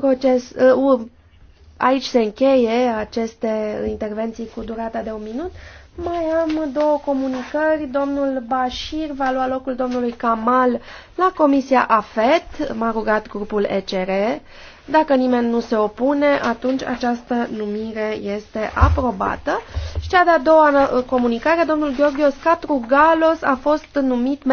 Proces, uh, aici se încheie aceste intervenții cu durata de un minut. Mai am două comunicări. Domnul Bashir va lua locul domnului Kamal la Comisia AFET, m-a rugat grupul ECR. Dacă nimeni nu se opune, atunci această numire este aprobată. Și cea de-a doua uh, comunicare, domnul Scatru Galos a fost numit